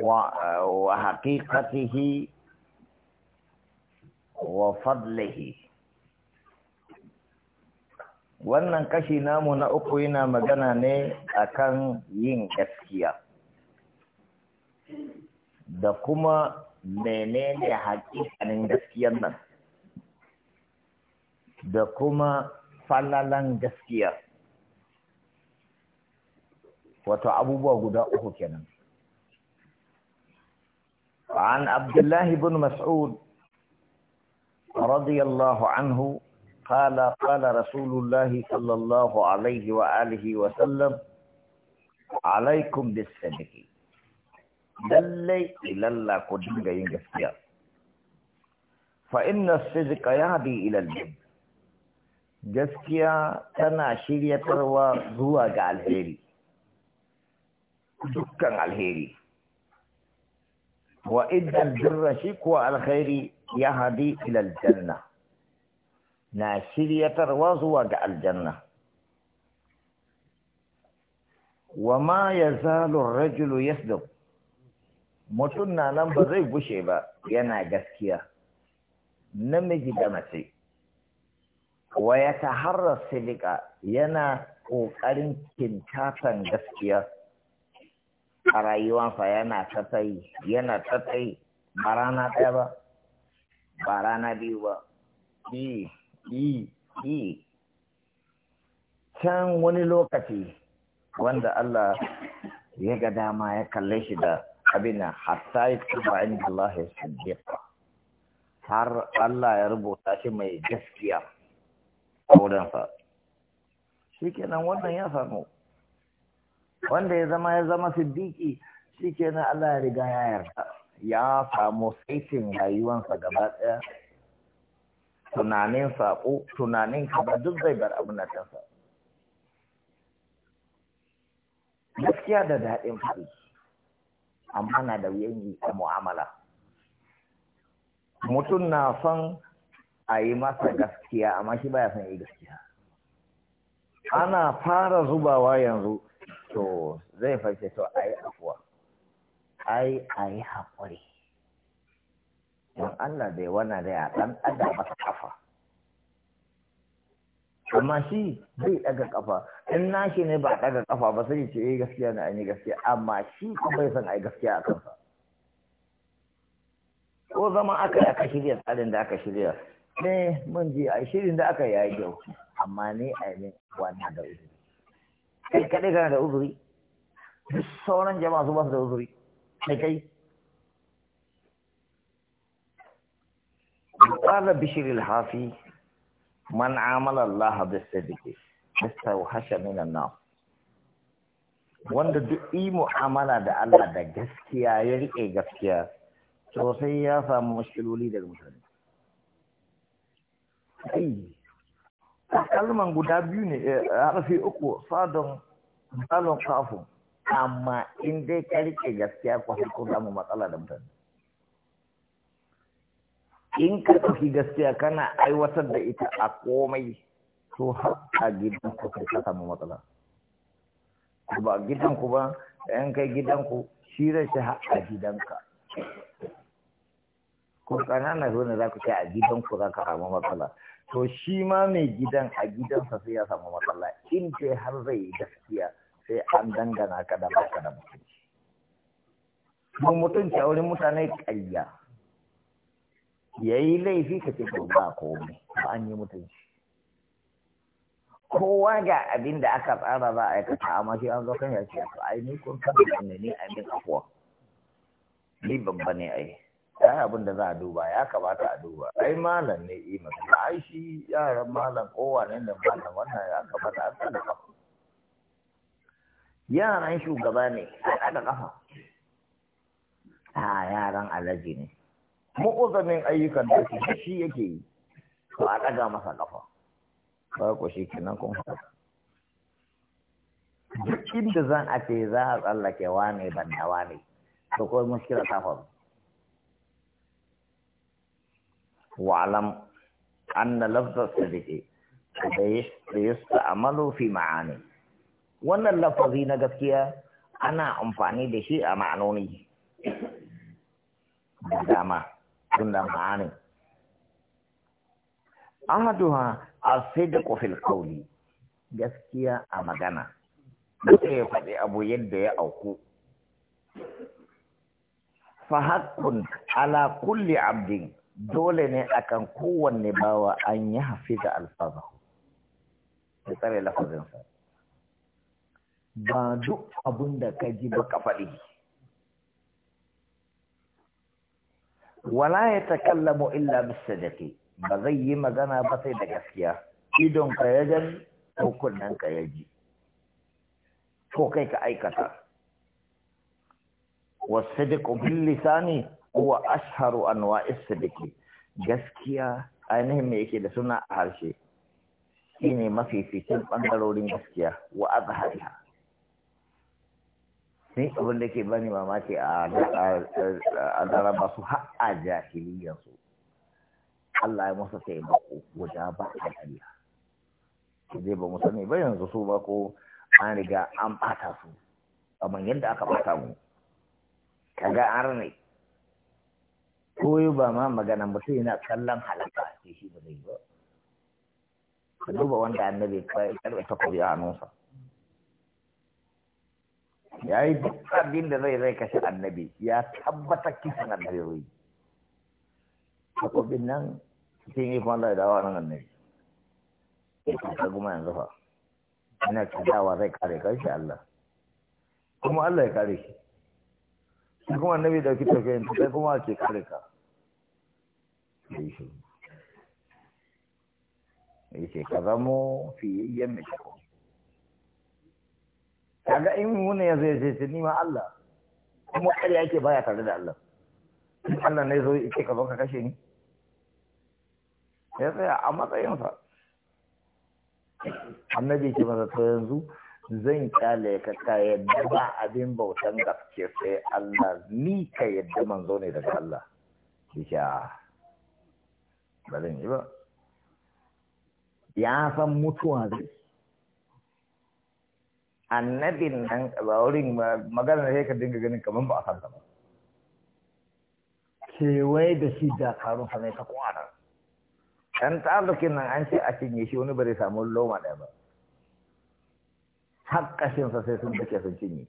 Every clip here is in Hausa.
وحقيقته وفضله wannan kashi namu na uku yana magana ne akan yin gaskiya da kuma menene hakikanin gaskiyar nan da kuma falalan gaskiya wato abubuwa guda uku kenan عن عبد الله بن مسعود رضي الله عنه قال قال رسول الله صلى الله عليه وآله وسلم عليكم بالصدق دلي إلى الله كدين جايين فإن الصدق يهدي إلى الجنة gaskiya tana shiryatarwa zuwa هيري دكا على هيري wa idan birra shi kuwa alkhairi ya hadi laljanna, aljanna na shiryatarwa zuwa ga aljanna wa ma yazalu rajulu yasduq mutum na nan ba zai gushe ba yana gaskiya namiji da mace wa ya taharra silika yana ƙoƙarin kintatan gaskiya a rayuwansa yana tatai yana tatai ba rana ɗaya ba ba rana biyu ba can wani lokaci wanda Allah ya ga dama ya kalle shi da abin nan hatta ya tuba inda Allah ya siddiqa har Allah ya rubuta shi mai gaskiya a wurinsa shi kenan wannan ya samu wanda ya zama ya zama ke na Allah ya riga ya yarda ya samu saitin rayuwansa gaba daya tunanin sako tunanin kaza duk zai bar abin da kansa gaskiya da daɗin fari amma na da wuyan yi a mu'amala mutum na son a yi masa gaskiya amma shi baya son yi gaskiya ana fara zubawa yanzu to zai fashe to a yi afuwa ai a yi haƙuri don Allah bai wana da ya ɗan ɗaga masa kafa amma shi zai ɗaga ƙafa in na shi ne ba ɗaga ƙafa ba sai ce yi eh, gaskiya na an yi gaskiya amma shi kuma bai san a yi gaskiya a kansa ko zama aka yi aka shirya tsarin da aka shirya ne eh, mun ji a shirin da aka yi ya yi kyau amma ne a yi min da uzuri kai kaɗai kana da uzuri duk sauran jama'a su ba su da uzuri sai kai قال بشير الحافي من عمل الله بالصدق استوحش من النار wanda duk yi mu'amala da Allah da gaskiya ya riƙe gaskiya to sai ya samu mashkiloli daga mutane kalman guda biyu ne harfi eh, uku sadon dalon kafu amma in dai ka rike gaskiya ku ko zamu matsala da mutane in ka ɗauki gaskiya kana aiwatar da ita a komai to har a gidan ku kai ka samu matsala ba gidan ku ba yan kai gidan ku shi shi har a gidan ka. ko na zo ne za ku kai a gidan ku za ka samu matsala to shi ma mai gidan a gidansa sai ya samu matsala in ce har zai yi gaskiya sai an dangana ka da baka da mutunci mun mutunci a wurin mutane ƙarya ya yi laifi ka ce ba komai ba an yi mutunci kowa ga abin da aka tsara za a aikata amma shi an zo kan ya ce to ai ni kun san ne yi abin afuwa ni babba ne ai ya abin da za a duba ya kamata a duba ai malam ne yi masu ai shi yaran malam kowane da malam wannan ya kamata a tsada kafa yaran shugaba ne a tsada kafa a yaran alaji ne mu'uzamin ayyukan da su shi yake yi to a ɗaga masa kafa ba ku shi kenan kun haka duk inda zan ake za a tsallake wane banda wane to kawai muskila ta faru واعلم أن لفظ الصدق يستعمل في معاني وأن اللفظ نقفكيا أنا أمفاني دشي معنوني داما كنا معاني أحدها الصدق في القول gaskiya a magana sai ya faɗi abu yadda ya على كل عبد dole ne a kan kowanne bawa an yi hafi da da tsare lafazinsa ba duk abin da ka ji ba ka faɗi wala ya takallamu illa bisa dake ba zai yi magana ba sai da gaskiya idon ka ya gani ko kunnen ka ya ji ko kai ka aikata wasu da bil lisani huwa asharu anwa'is dake gaskiya ainihin me yake da suna a harshe shine fitin bangarorin gaskiya wa azhariha sai abin da ke bani mamaki a laraba su har a jahiliyarsu Allah ya musu guda ba a kariya zai ba mu sani ba yanzu su ba ko an riga an bata su kamar yadda aka bata mu kaga an ne koyo ba ma magana mutum yana kallon halatta a cikin ba zai ba ka duba wanda annabi karbe ta kuri a hannunsa ya yi duk abin da zai zai kashe annabi ya tabbatar kisan annabi zai takobin nan cikin yi ikon da dawa nan annabi ya ta kuma yanzu fa yana dawa zai kare kai shi Allah kuma Allah ya kare shi shi kuma annabi da kita kai kai kuma ke kare ka sai shi ka zamo fiyayyen mai kaga in wani ya zai ce ni ma Allah kuma kare yake baya tare da Allah Allah ne zo yake ka zo ka kashe ni ya tsaya a matsayinsa annabi ke maza yanzu zan kyale ka ka yadda ba abin bautan gaske sai Allah ni ka yadda manzo ne daga Allah bisha ba zan yi ba ya san mutuwa zai annabin nan ba wurin magana sai ka dinga ganin kaman ba a san ba kewaye da shi dakarun sa ne ta kwana dan talukin nan an ce a cinye shi wani ba zai samu loma daya ba haƙƙashinsa sai sun duke sun cinye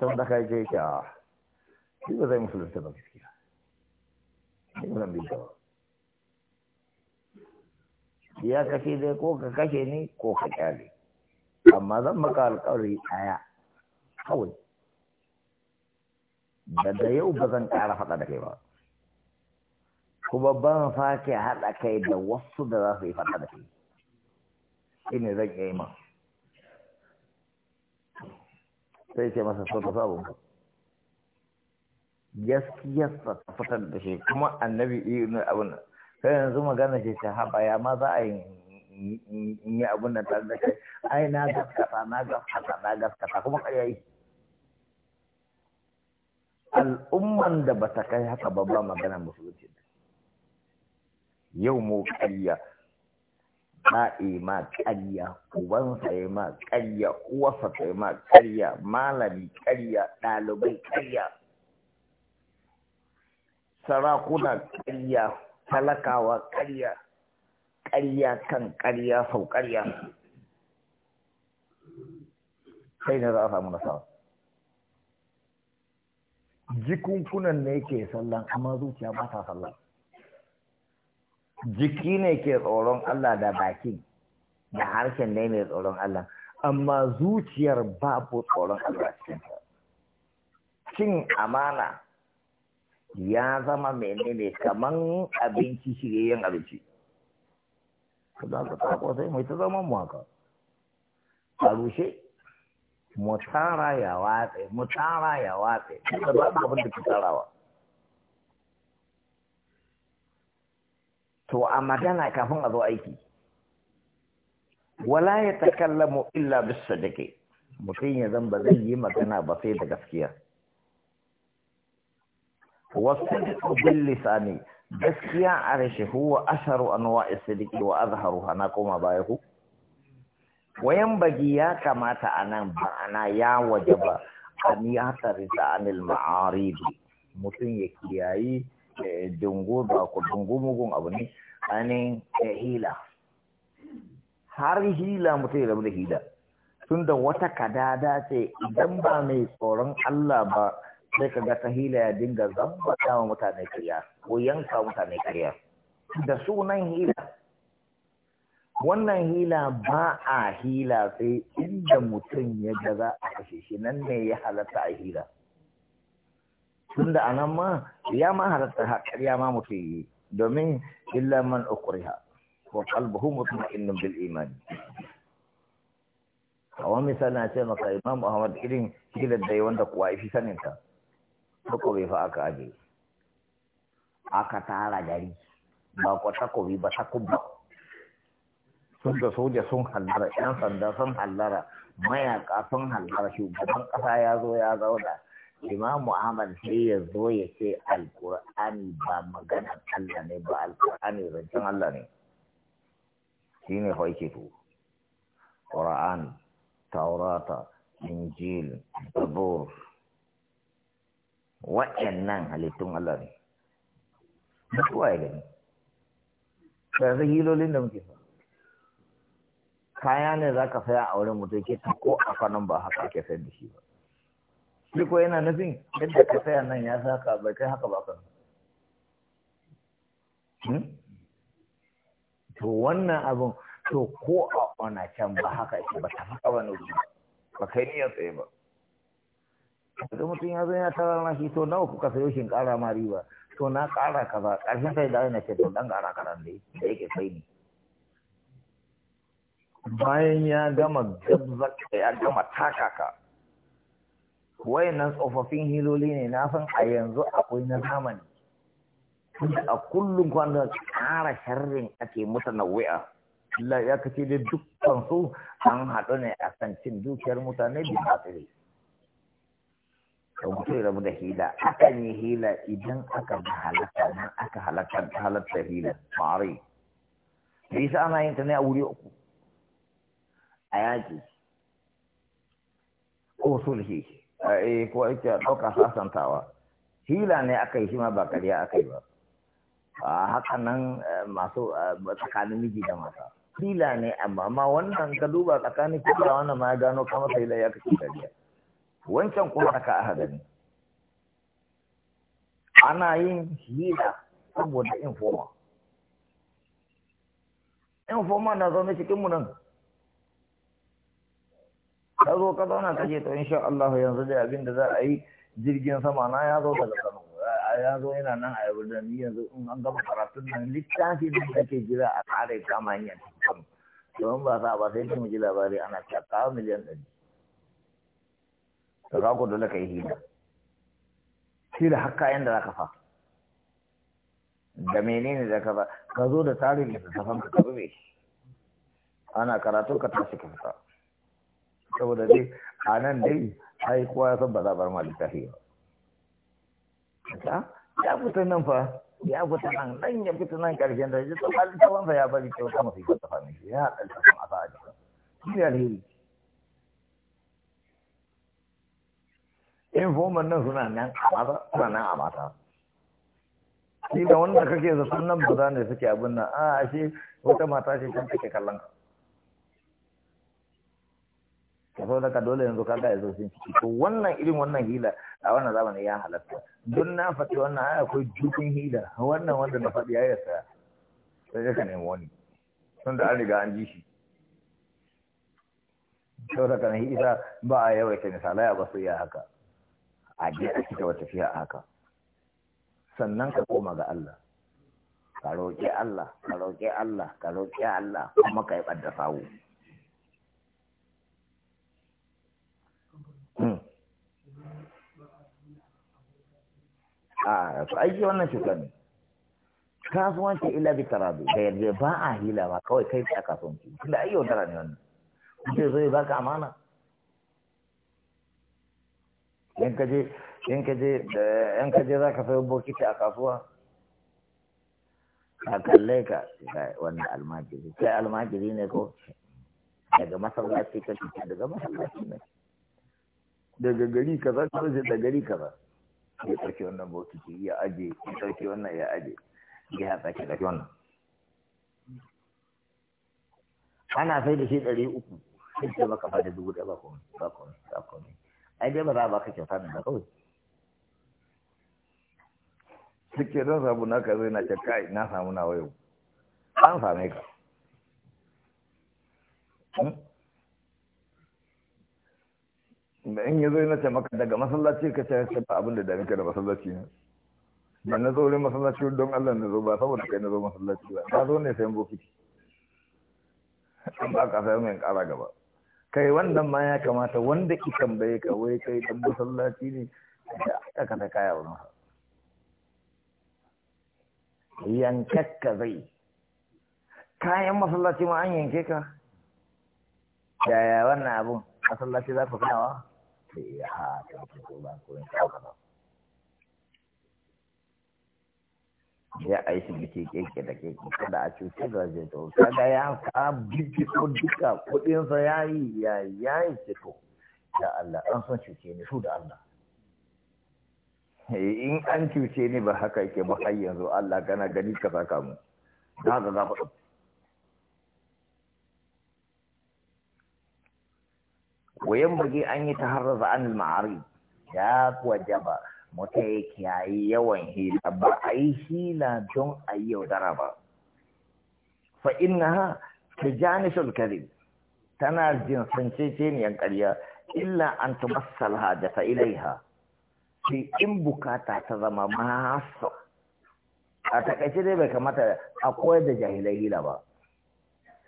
sau da ka ce ki a shi ba zai musulunta ba gaskiya shi ba zan bi ba ya kashe dai ko ka kashe ni ko ka kyale amma zan maka alƙawari ɗaya kawai da yau ba zan ƙara faɗa da kai ba kuma ban sake haɗa kai da wasu da za su yi faɗa da kai shi ne zan yi ma sai ce masa sau da sabon gaskiyarsa ta fitar da shi kuma annabi irin abin nan sai yanzu magana ce ta haɓa ya ma za a yi yi abin nan tare da kai ai na gaskata na gaskata na gaskata kuma ka yi al'umman da ba ta kai haka babban magana musulunci yau mu ƙarya ba'i ma ƙarya ubansa ya ma ƙarya uwarsa ta ma ƙarya malami ƙarya ɗalibai ƙarya sarakuna ƙarya talakawa ƙarya ƙarya kan ƙarya sau ƙarya sai na za a samu nasara jikunkunan ne yake sallan amma zuciya ba ta sallan jiki ne ke tsoron Allah da baki da harshen ne mai tsoron Allah amma zuciyar babu tsoron Allah cikin cin amana ya zama menene kaman abinci shiryayyen abinci za ka tsako sai mai ta zama mu haka a rushe mu tsara ya watsa mu tara ya watse da ba abin da ke tsarawa to a magana kafin a zo aiki wala ya takallamu illa bisa dake mutum ya zan ba zai yi magana ba sai da gaskiya wasu bil lisani gaskiya a rashe huwa asharu anwa'is sidiki wa azharu hana koma baya ku wayan bagi ya kamata anan ba ana ya waje ba an ya tarita anil ma'aridi mutum ya kiyayi Eh, dungu ba ku mugun abu ne ainihin eh, hila har hila mutum ya da hila tun da wata kadada ce idan ba mai tsoron Allah ba sai ka ga ta hila ya dinga zamba wa mutane kariya ko yanka mutane kariya da sunan hila wannan hila ba a hila sai inda mutum ya ga a kashe shi nan ne ya halatta a hila tunda anan ma ya ma halatta ya ma mutu yi domin illa man ha, wa qalbuhu mutma'innun bil iman wani misali na ce maka imam muhammad irin hilar da wanda kuwa ifi sanin ta ko bai fa aka aje aka tara gari ba ko takobi ba ta kubba. sun da soja sun hallara yan sanda sun hallara mayaka sun hallara shugaban kasa ya zo ya zauna imamu ahmad sai ya zo ya ce alkur'ani ba maganar allah ne ba alkur'ani rancen allah ne shi ne haike to ƙura'an taurata injil zabur nan halittun allah ne kuwa ya gani yanzu hilolin da muke kaya ne za ka saya a wurin mutum ke ko a kwanan ba haka ake sayar da shi ba shi ko yana nufin yadda ka saya nan ya saka bai kai haka ba kan hmm? to wannan abun to ko a ona can ba haka ake ba ta haka ba nufi ba kai niyyar tsaye ba da mutum ya zai ya tara na shi to nawa kuka sayo shi kara ma riba to na kara kaza karshen sai da na ce to dan kara karan da da yake sai ni bayan ya gama gabza ya gama takaka nan tsofaffin hiloli ne na san a yanzu akwai na zamani tunda a kullum kwanda ƙara sharrin ake na wuya Allah ya kace da dukkan su an haɗu ne a kan cin dukiyar mutane da hatsari to ya rabu da hila akan yi hila idan aka halatta nan aka halatta halatta hila ma'ari bisa ana yin ta ne a wuri uku a yaƙi ko sulhi eh ko ake ɗauka sasantawa hila ne aka yi shi ma ba kariya aka yi ba a haka nan eh, masu eh, tsakanin miji da mata hila ne amma ma wannan ka duba tsakanin kila wannan ma gano kama sai da ya kace kariya. wancan kuma ka aka gani ana yin hila saboda informa informa na zaune cikin mu nan ka zo ka zauna ka ce to insha Allah yanzu da abin da za a yi jirgin sama na ya zo daga Kano ya zo yana nan a yabu da ni yanzu in an gama karatun nan littafi da kake jira a kare kama hanyar Kano don ba sa ba sai mu ji labari ana cakka miliyan ɗari to za ku dole ka yi hina shi da hakka yanda za ka fa da menene da ka fa ka zo da tarihi da tafan ka ka ana karatu ka tashi ka fita saboda dai a nan dai yi kowa ya san ba za a bar ma littafi ya fita nan fa ya fita nan ɗan ya fita nan karshen da ta ba littafin fa ya bari kyauta mafi ta fa mishi ya haɗa littafin a sa a jikin shi alheri in foman nan suna nan a mata suna nan a mata shi da wanda kake zaton nan ba za ne suke abin nan a ashe wata mata ce can take kallon ka so ka dole yanzu kaga ya zo sun ciki to wannan irin wannan hila a wannan zamanin ya halatta don na faɗi wannan ai akwai jukun hila wannan wanda na faɗi ya yi saya sai ka nemi wani tun da an riga an ji shi sau da kanan ba a yawaita misalai a basu ya haka a je a cika wata fiya haka sannan ka koma ga Allah ka roƙi Allah ka roƙi Allah ka roƙi Allah kuma ka yi ɓadda sawu a su aiki wannan cuta ne kasuwanci ila bi tarabi da yadda ba a hila ba kawai kai a kasuwanci tunda ai yaudara ne wannan mutum zai baka amana yan kaje yan kaje yan kaje ka je za ka sayo bokiti a kasuwa ka kalle ka wani almajiri sai almajiri ne ko daga masallaci ka daga masallaci ne daga gari kaza ta zai da gari kaza ya ɗauki wannan bokiti ya aje ya ɗauki wannan ya aje ya haɗa ki ɗauki wannan ana sai da shi ɗari uku sai ce maka ba da dubu ɗaya ba komai ba komai ba komai ai dai ba za a baka kyauta da kawai suke don samu na ka zai na ce kai na samu na wayo an same ka hmm? da in ya zo yana ce maka daga masallaci ka ce ba abin da dami ka da masallaci ne ba na zo masallaci don Allah na zo ba saboda kai na zo masallaci ba ka zo ne sai bokiti an ba ka sai mun kara gaba kai wannan ma ya kamata wanda ki tambaye ka wai kai dan masallaci ne da aka ta kaya wurin sa yankakka zai kayan masallaci ma an yanke ka yaya wannan abun masallaci za ku kawa ce ya ha ta ke kuma ko in kawo ba ya a yi shi biki keke da keke kada a cutar da zai to kada ya ka bi binciko duka kudinsa ya yi ya yi ciko ya Allah an son cuce ni su da Allah eh, in an cuce ni ba haka yake ba har yanzu Allah kana gani ka saka mu za ga gafa وينبغي أن يتحرز عن المعارض ya ba, mutum ya kiyaye yawan hila ba a yi hila don a yi yaudara ba fa inna ha ta janishul karim tana jin sanceceniyar ƙarya illa an tumassal hajata ilaiha sai in bukata ta zama masu a takaice dai bai kamata a koyar da jahilai hila ba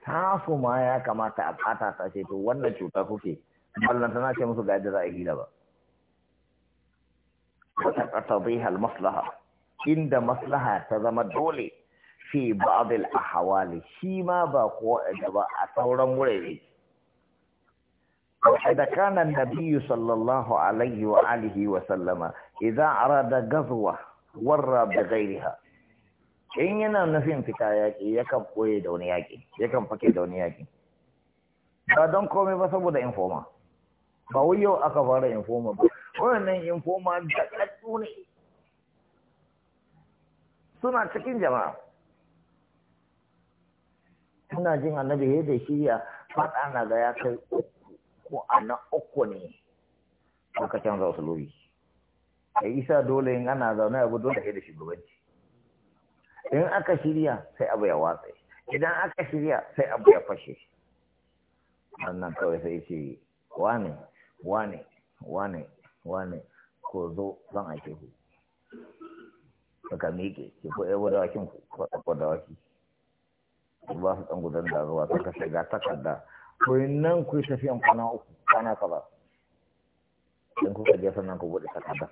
tasu ma ya kamata a ƙata ta ce to wannan cuta kuke بلنتنا چې موږ غاډه راځي لبا اتضيها المصلحة عند مصلحة تضمد دولي في بعض الأحوال شما باقوة جواء ثورة مريج إذا كان النبي صلى الله عليه وآله وسلم إذا أراد قضوة ورى بغيرها إننا نفهم فتاياك يكم قوي دونياك يكم فكي دونياك بعدهم قومي بصبو دا انفوما ba wai yau aka fara informa ba wannan informa da kaddu ne suna cikin jama'a suna jin annabi ya da shirya fada na ga ya kai uku ko ana uku ne aka canza wasu lobi ya isa dole in ana zaune abu dole ya da shugabanci in aka shirya sai abu ya watsa idan aka shirya sai abu ya fashe wannan kawai sai ce wane wane wane wane ko zo zan ake ku suka miƙe ki ko ɗaya wadawakin da waki? dawaki ba su ɗan gudan da zuwa suka shiga takarda ko nan ku yi tafiyan kwana uku kwana kaza in kuka je sannan ku buɗe takarda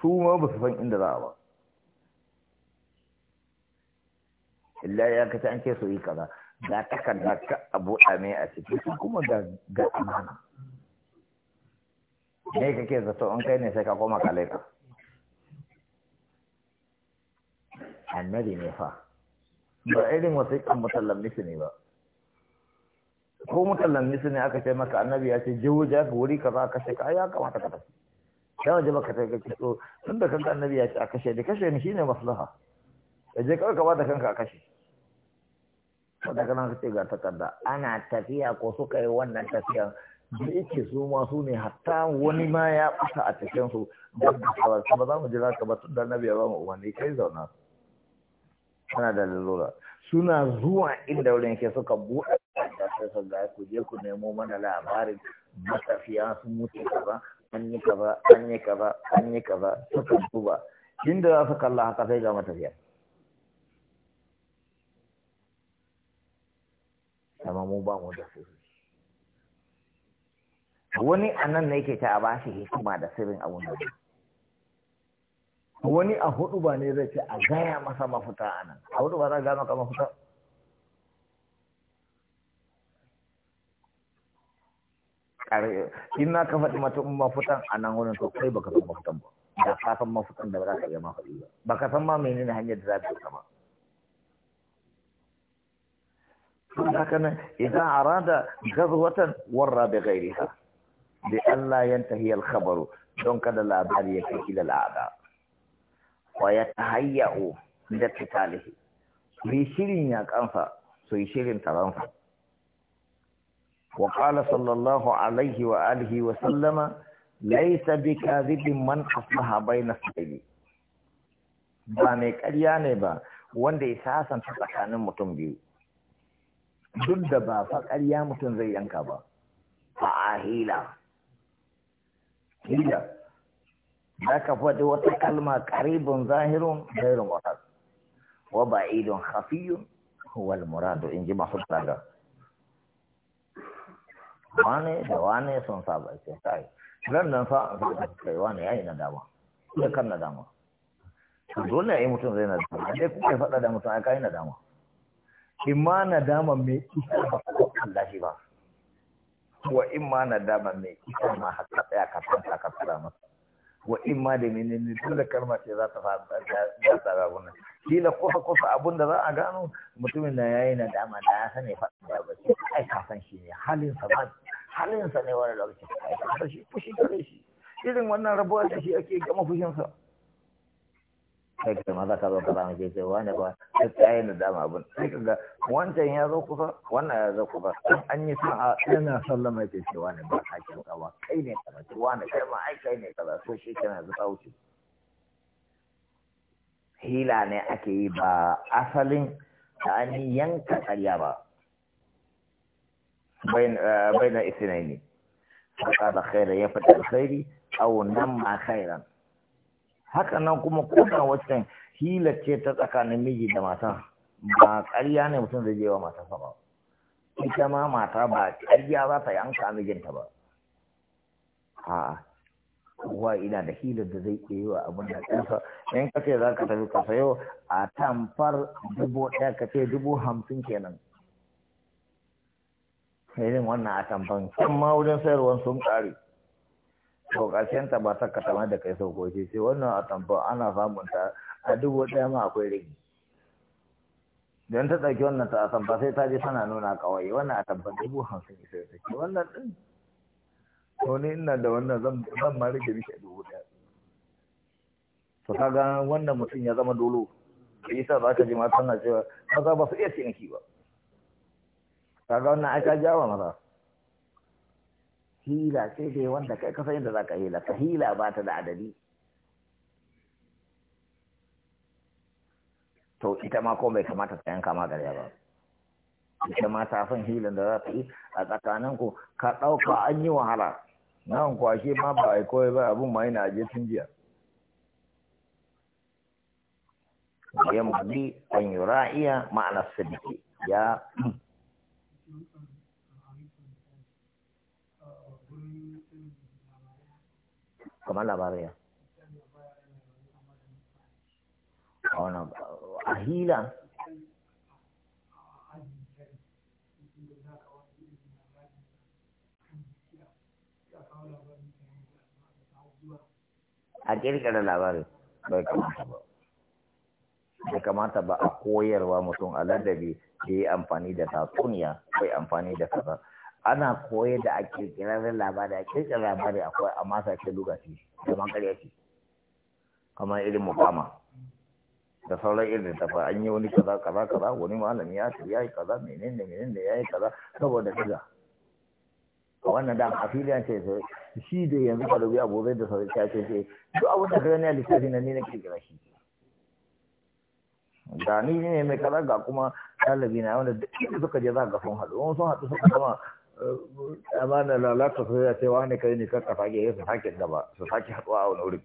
su ma ba su san inda za a ba illa ya kace an ce su yi kaza ga da ka abu ɗame a ciki kuma ga ga amana me kake zato An kai ne sai ka koma kalaika annabi ne fa ba irin wasiƙan mutallammisi ne ba ko mutallammisi ne aka ce maka annabi ya ce jiwo ja ka wuri kaza ka ce ka ya kamata ka tafi ya waje baka ta kace so tun da kanka annabi ya ce a kashe ni kashe ni shine maslaha ka je kawai ka bada kanka a kashe sadaka na ce ga takarda ana tafiya ko suka yi wannan tafiyan da yake su ma su ne hatta wani ma ya fita a cikin su da kawarsa ba za mu jira ka ba tun da nabi ya ba mu wani kai zauna tana da lalura suna zuwa inda wurin yake suka buɗe da sai su ga ku je ku nemo mana labarin matafiya su mutu kaza an yi kaza an yi kaza an yi kaza suka duba inda za su kalla haka sai ga matafiya amma mu ba mu da su wani a nan ne yake ta a bashi hikima da sirrin abun da wani a hudu ba ne zai ce a gaya masa mafuta a nan a hudu ba za a gaya maka mafuta in na ka faɗi mata mafutan a nan wurin to kai baka san mafutan ba da ka san mafutan da ba za ka iya mafaɗi ba baka san ma menene hanyar da za ta yi sama haka nan idan arada gazwatan warra bi ghairiha bi alla yantahi al khabaru don kada labari ya kai ila al'ada wa yatahayyau da qitalihi bi shirin ya kansa so shirin taransa wa qala sallallahu alaihi wa alihi wa sallama laysa bi kadhibin man aslaha bayna sayyi ba mai ƙarya ne ba wanda ya sasanta tsakanin mutum biyu duk da ba fa ƙarya mutum zai yanka ba a hila hila za ka faɗi wata kalma ƙaribin zahirun zairun wata wa ba idon hafiyun wal muradu in ji masu tsaga wane da wane sun saba ke sai ran nan fa kai wane yi na dama ya kan na dama dole yi mutum zai na dama dai kuka faɗa da mutum a kai na dama imma nadama mai kisa ba ko Allah ba wa imma nadama mai kisa ma haka ya ka tsaya ka fara masa wa imma da menene dole kalma ce za ta za ta ga wannan kila kusa kusa abun da za a gano mutumin da yayi nadama da ya sani fa da ba shi ai ka san shi ne halin sa ba halin sa ne wani lokaci ai ka san shi fushi gare shi irin wannan rabuwa da shi ake gama fushin sa kai kai maza ka zo ka zama ke ce wani ba duk tsaye yi da dama abin sai ka ga wancan ya zo kusa wannan ya zo kusa in an yi a yana sallama ke ce wani ba a kin kawa kai ne kaza ce wani kai ma ai kai ne kaza so shi kana zuwa wuce hila ne ake yi ba asalin da an yi yanka karya ba bai eh, na isinai ne. Fasa da ya fita alkhairi, au nan ma khairan. haka nan kuma kuna wacce hila ce ta tsakanin miji da mata ba ƙarya ne mutum zai je wa mata ba ita ma mata ba karya za ta yanka mijinta ba a'a Kuwa ina da hilar da zai iya yi wa abin da ƙasa, in ka za ka tafi ka sayo a tamfar dubu ɗaya ka ce dubu hamsin kenan irin wannan a tamfar. can ma wajen sayarwar sun ƙare to karshen ta ba ta katama da kai saukoki sai wannan a tamfa ana samun ta a dubu ɗaya ma akwai rigi don ta ɗauki wannan ta atamfa sai ta je tana nuna kawai wannan a atamfa dubu hamsin isa ya ke wannan ɗin to ni ina da wannan zan ma rage bishe dubu ɗaya to ka ga wannan mutum ya zama dolo da isa za ka ji ma tana cewa za ba su iya ciniki ba ka ga wannan aka jawa maza hila sai dai wanda kai ka san yadda zaka hila ka hila ba ta da adadi to ita ma ko bai kamata ta yanka ma gariya ba ita ma ta san hilan da za ta yi a tsakanin ku ka ɗauka an yi wahala nan kwashe ma ba a koyi ba abin ma yana je tun jiya ya mudi an yura'iya ma'anar sadiki ya kamar labariya a hila a kirkira labarin bai kamata ba bai kamata ba a koyarwa mutum a ladabi da yi amfani da tatsuniya kai amfani da kaza ana koyar da ake kirkirarren labari a kirkirar labari akwai a masa ce lokaci da man ce kamar irin mukama da sauran irin tafa an yi wani kaza kaza kaza wani malami ya ce yi kaza menene menene yayi kaza saboda A wannan da a filiyan ce shi da yanzu ka rubi abubuwan da sauran ta ce ce duk abin da ka ne a lissafi na ni na kirkira shi da ni ne mai kaza ga kuma ɗalibi na wanda duk inda suka je za ga sun haɗu wani sun haɗu suka zama amana lalata su ya ce wani kai ne kan kafa gehe su sake gaba su sake haɗuwa a wani wurin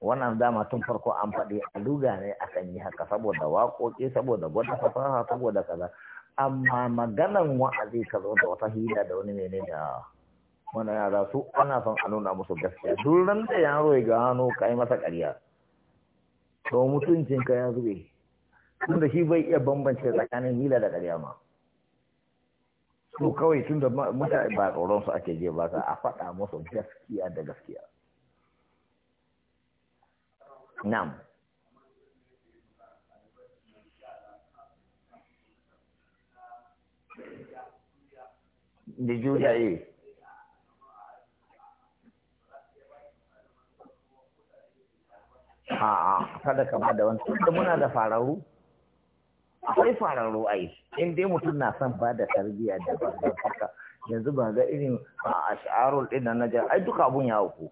wannan dama tun farko an faɗi a duga ne a kan yi haka saboda waƙoƙi saboda gwada fasaha saboda kaza amma maganan wa'azi ka zo da wata hila da wani mene da wani yara su ana son a nuna musu gaskiya duran da yaro ya gano ka yi masa ƙarya to ka ya zube tunda shi bai iya bambance tsakanin hila da ƙarya ma to kawai tun da mutane ba tsoron su ake je ba za a faɗa musu gaskiya da gaskiya Nam. da yi a'a kada kama da wani Tun da muna da fararu akwai fararru ru'ayi in dai mutum na son ba da tarbiyya da ba da haka yanzu ba ga irin a ash'arul din na najar ai duka abun ya hauku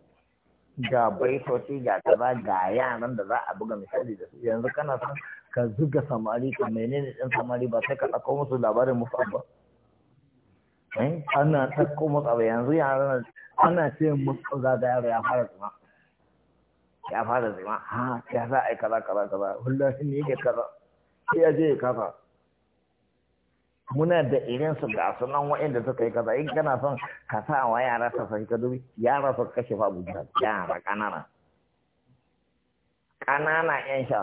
ga baitoci ga ba ga yaran da za a buga misali da su yanzu kana son ka zuga samari ka menene din samari ba sai ka ɗauko musu labarin musu abba eh, ana ɗauko musu abu yanzu yaran ana ce musu za da yaro ya fara tsima ya fara tsima ha ya za a yi kaza kaza kaza wallahi ne ke kaza sai ya je ya kasa muna da irin su ga sunan wa'anda suka yi kasa, in kana son ka sa wa yara ta sai ka dubi yara su kashe fa guda yara kanana kanana yan sha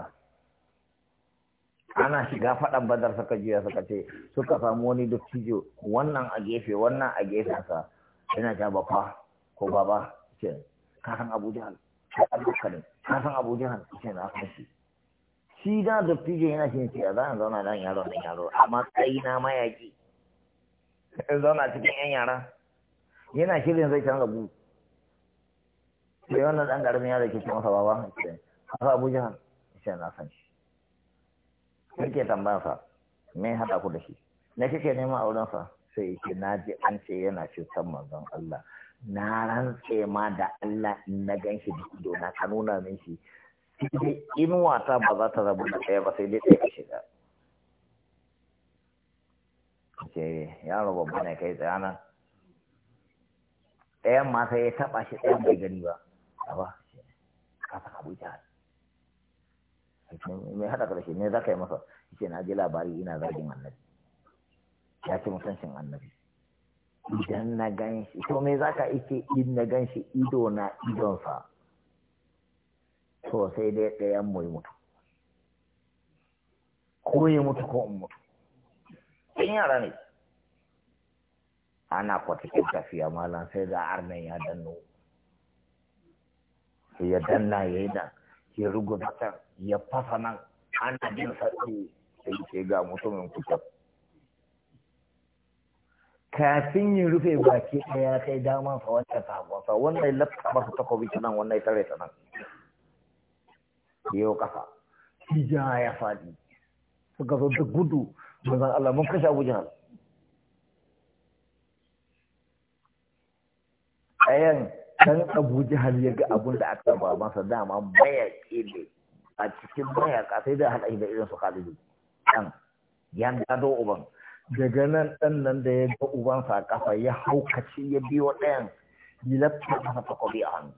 ana shiga faɗan badar suka juya suka ce suka samu wani dattijo wannan a gefe wannan a gefe sa yana ta bafa ko baba ce ka san abu jihar ka san abu jihar ce na kashi shi da fije yana shi ce za a zauna nan yaro nan yaro a matsayi na mayaki in zauna cikin yan yara yana shirin zai canza gu sai wannan dan garbin yaro ke cikin masa ba ce haka abuja ce na san shi kake sa, me haɗa ku da shi na kike neman aurensa sai yake na ji an ce yana san manzon Allah na rantse ma da Allah in na gan shi da ido na ka nuna min shi inuwa ta ba za ta rabu da ɗaya ba sai dai ɗaya shiga ce yaro babba ne kai tsayana ɗayan ma sai ya taɓa shi ɗayan bai gani ba a ba ka san abu jihar mai haɗa ƙarshe ne za ka yi masa ce na ji labari ina zargin annabi ya ce mutuncin annabi idan na gan shi to me za ka ike in na gan shi ido na idonsa to sai dai ɗayan mu mutu ko ya mutu ko in mutu ɗan yara ne ana kwatakin tafiya malam sai da arnan ya danno ya danna ya yi nan ya rugu can ya fasa nan ana jin sarki sai ke ga mutumin kusa kafin yin rufe baki ɗaya kai dama wancan ta hagunsa wannan ya lafta masa takobi ta nan wannan ya tare ta nan biyo kafa hijira ya faɗi suka zo duk gudu manzon Allah mun kashe Abu ayan dan Abuja Jahal ya ga abun da aka ba masa dama baya kile a cikin mayaka sai da hada da irin su Khalid dan yan do uban daga nan dan nan da ya ga uban sa kafa ya haukace ya biyo ɗayan yi lafta masa takobi a hannu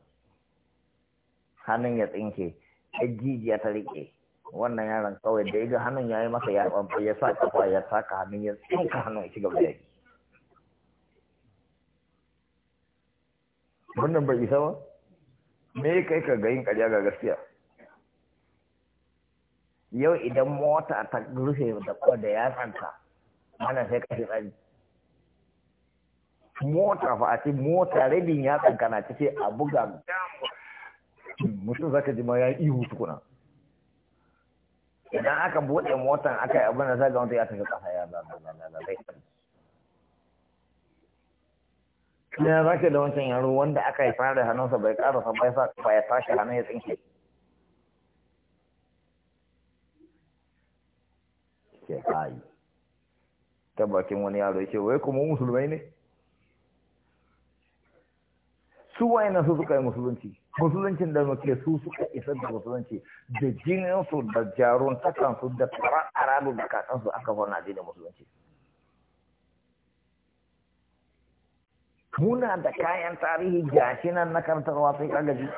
hannun ya tsinke jijiya ta rike wannan yaron kawai da ya ga hannun ya yi masa ya ɓamfa ya sa kafa ya saka hannun ya tsinka hannun ya ci gaba da yaki wannan bai isa ba me kai ka ga yin ƙarya ga gaskiya yau idan mota ta rufe da kwa da yatsanta mana sai ka tsari mota fa a ce mota rabin yatsanka na ce a buga mutum zaka ji ma ya ihu tukuna idan aka bude motan aka yi abin da zaga wanda ya tafi kasa ya lalata ya za ka da wancan yaro wanda aka yi fara hannunsa bai ƙarasa bai sa ya tashi hannun ya tsinke ke kayi ta bakin wani yaro ya ce wai kuma musulmai ne su wayan su suka yi musulunci musuluncin da muke su suka isa da musulunci da jinin su da jarun takan su da tsara arabu da kakan su aka fara da musulunci muna da kayan tarihi gashi nan na karantarwa sai kagaji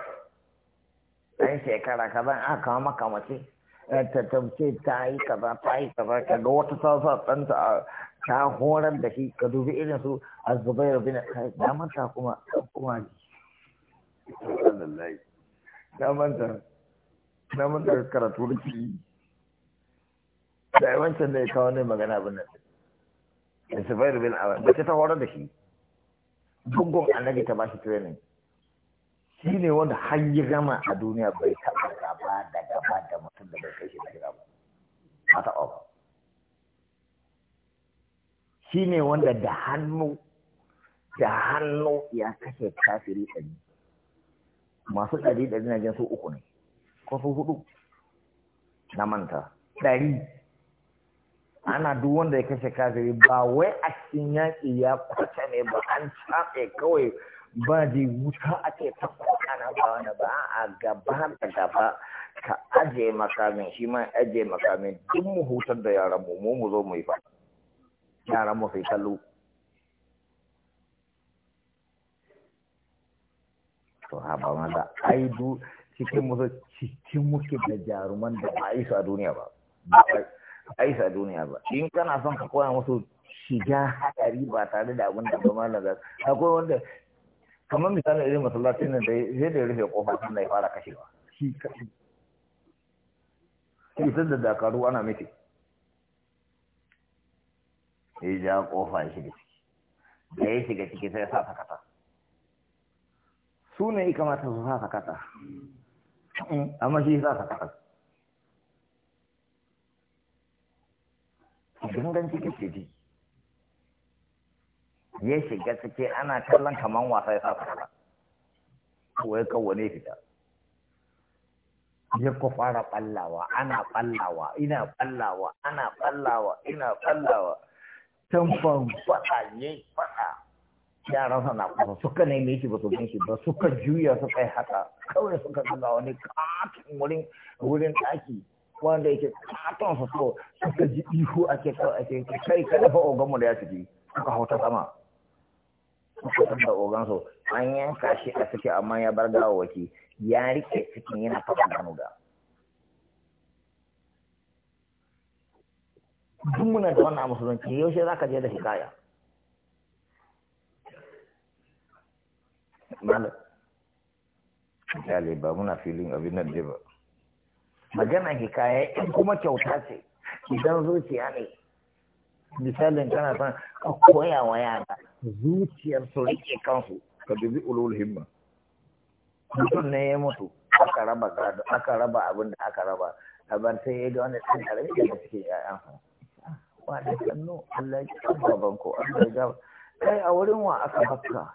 ɗan shekara kaza aka kawo maka mace eh, ta tamce ta yi kaza ta yi kaza ka ga wata ta sa ɗanta ta horar da shi ka dubi irin su zubairu bin kai damar ta kuma kuma na manta na manta karatu riki da yawancin da ya kawo ne magana abin nan da sufairu bin awar ba ta horar da shi gungun annabi ta bashi training shi ne wanda har yi gama a duniya bai taɓa gaba da gaba da mutum da bai kai shi da gaba ba ta ba shi ne wanda da hannu da hannu ya kashe kafiri ɗari masu ɗari ɗari na jin su uku ne ko su hudu na manta ɗari ana duk wanda ya kashe kafiri ba wai a cikin yaƙi ya kwace ne ba an caɓe kawai ba da wuta ake ta kwana ba wani ba a gaba da gaba ka ajiye makamin shi ma aje makamin duk mu hutar da yaran mu mu zo mu yi ba yaran mu sai kallo to ha ba ai du cikin mu cikin muke da jaruman da ba a yi a duniya ba a isa a duniya ba in kana son ka koya musu shiga hadari ba tare da abin da ba na za akwai wanda kamar misali irin masallacin nan da zai da rufe kofa sun da ya fara kashewa shi kashi da dakaru ana miki ya ja kofa shi da ciki da ya shiga ciki sai ya sa ta kasa su ne ya kamata su sa sakata mm. amma shi sa sakata ganganci kake ji ya shiga cike ana kallon kamar wasa ya sa sakata wai kawane fita ya ku fara ɓallawa ana ɓallawa ina ɓallawa ana ɓallawa ina ɓallawa tamfan faɗa ne faɗa Yaran na kusa suka neme shi ba su gan shi ba suka juya su kai haka kawai suka ga wani katon wurin wurin daki wanda yake katon su so suka ji ihu ake kawai ake kai kada fa oganmu da ya ciki suka hauta sama suka ogan su an yanka shi a ciki amma ya bar gawawaki ya rike cikin yana fasa gano da duk muna da wannan musulunci yaushe za ka je da hikaya malam ba muna filin abin nan ba magana hikaya in kuma kyauta ce idan zuciya ne misalin tana son ka koya wa yara zuciyar su rike kansu ka dubi ulul himma mutum ne ya mutu aka raba gado aka raba abin da aka raba abin sai ya ga wani ɗan da suke ƴaƴansa wa da sannu Allah ya ci ko Allah ya ga kai a wurin wa aka bakka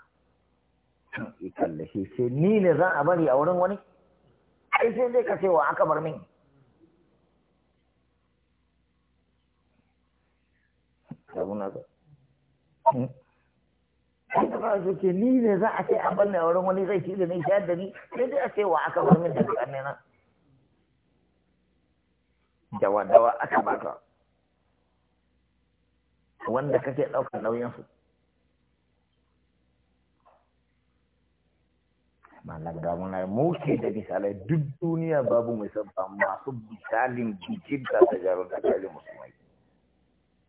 ikan da shi sai ni ne za a bari a wurin wani ai sai zai kace wa aka bar min sabuna na ba su ke ni ne za a ce a bar ni a wurin wani zai ci da ni shayar da ni sai dai a ce wa aka bar min daga ƙarnina dawa dawa aka baka wanda kake ɗaukar nauyinsu malam ga muna muke da misalai duk duniya babu mai sabba masu misalin jikin da ta jaron da kare musulmai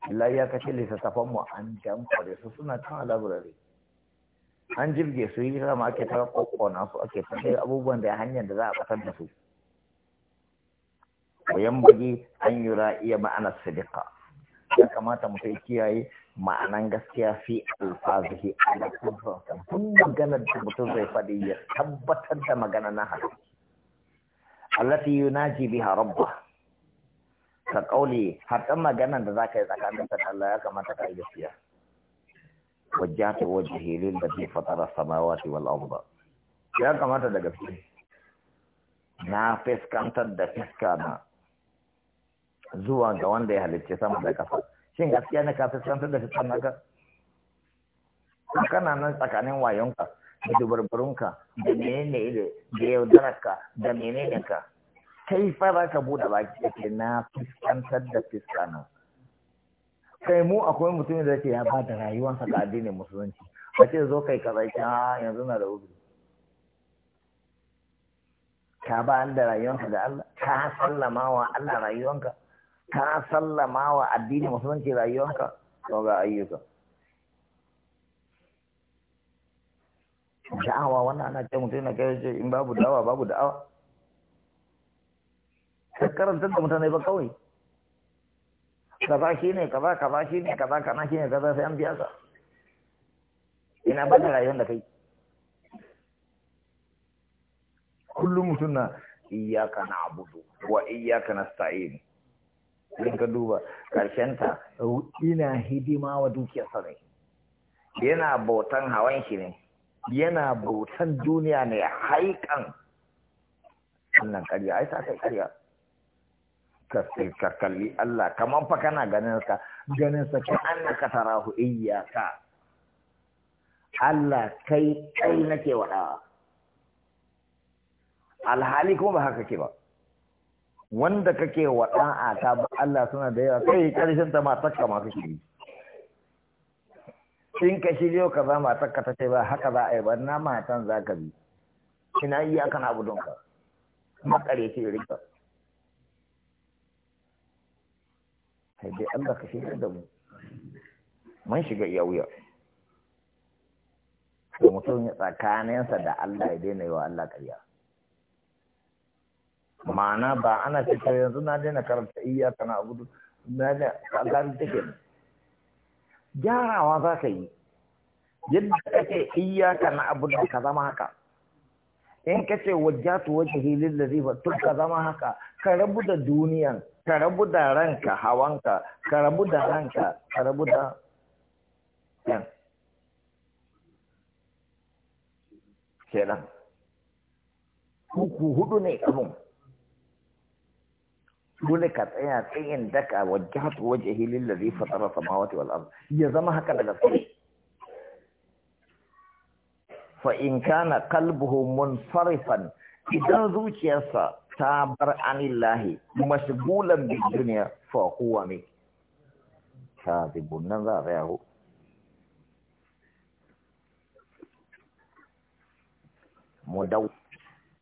Allah ya kace lissafan mu an jamfare su suna kan laburare an jirge su yi sama ake ta kokkona su ake ta abubuwan da hanyar da za a kasar da su koyan bugi an yura iya ma'anar sadiqa ya kamata mu kai kiyaye ma'anan gaskiya fi alfazihi ala kudurarsa tun magana da mutum zai faɗi ya tabbatar da magana na haka allati yunaji biha rabba ka kauli ɗan magana da ka yi tsakanin ta Allah ya kamata ka yi gaskiya wajjata wajhi lil ladhi fatara samawati wal ba ya kamata da gaske na fiskantar da fiska na zuwa ga wanda ya halicce sama da kafa shin gaskiya ne ka fuskantar da fitan naka kana nan tsakanin wayonka da dubarbarunka da menene da da yaudararka da menene ka kai fa za ka buɗe baki ke na fuskantar da fiskana kai mu akwai mutum da yake ya ba da rayuwarsa ga addinin musulunci a ce zo kai kaza ah, yanzu na da uzuri ka ba da rayuwarka ga Allah ka sallama wa Allah rayuwarka ka sallama wa addini musulunci rayuwanka to ga ayyuka da'awa wannan ana ce mutum na kai ce in babu da'awa babu da'awa ta karanta da mutane ba kawai kaza shi ne kaza kaza shi ne kaza na shi ne kaza sai an biya ka ina ba da rayuwar da kai kullum mutum na iyaka na abudu wa iyaka na sta'inu in ka duba ta ina hidima wa dukiyarsa ne yana bautan hawan shi ne yana bautan duniya ne haikan wannan karya ai ta kai karya ka kalli Allah kaman fa kana ganin sa ganin sa ka ka tarahu iyyaka Allah kai kai nake wada alhali kuma ba haka ke ba wanda kake wa ɗan ta ba Allah suna da yawa kai ƙarshen ta matakka masu shiri in ka shiryo ka za matakka ta ce ba haka za a yi ba na matan za ka bi na iya kana budunka makare ce rika sai dai Allah ka shirya da mu mun shiga iya wuya da mutum ya tsakaninsa da Allah ya daina yi wa Allah ƙarya ma'ana ba ana ce yanzu na daina karanta iyaka na abudu na da alƙalin take gyarawa za ka yi yadda kake iyaka na da ka zama haka in ka ce wajjatu wajhi lillazi fa tun ka zama haka ka rabu da duniyan ka rabu da ranka hawanka ka rabu da ranka ka rabu da yan kenan huku hudu ne abun dole ka tsaya tsayin daka wajhatu da zai fatsara samawati wal ard ya zama haka daga gaske fa in kana qalbuhu munfarifan idan zuciyarsa ta bar anillahi mashgulan bi dunya fa huwa Ta kadibun nan za a tsaya mu dau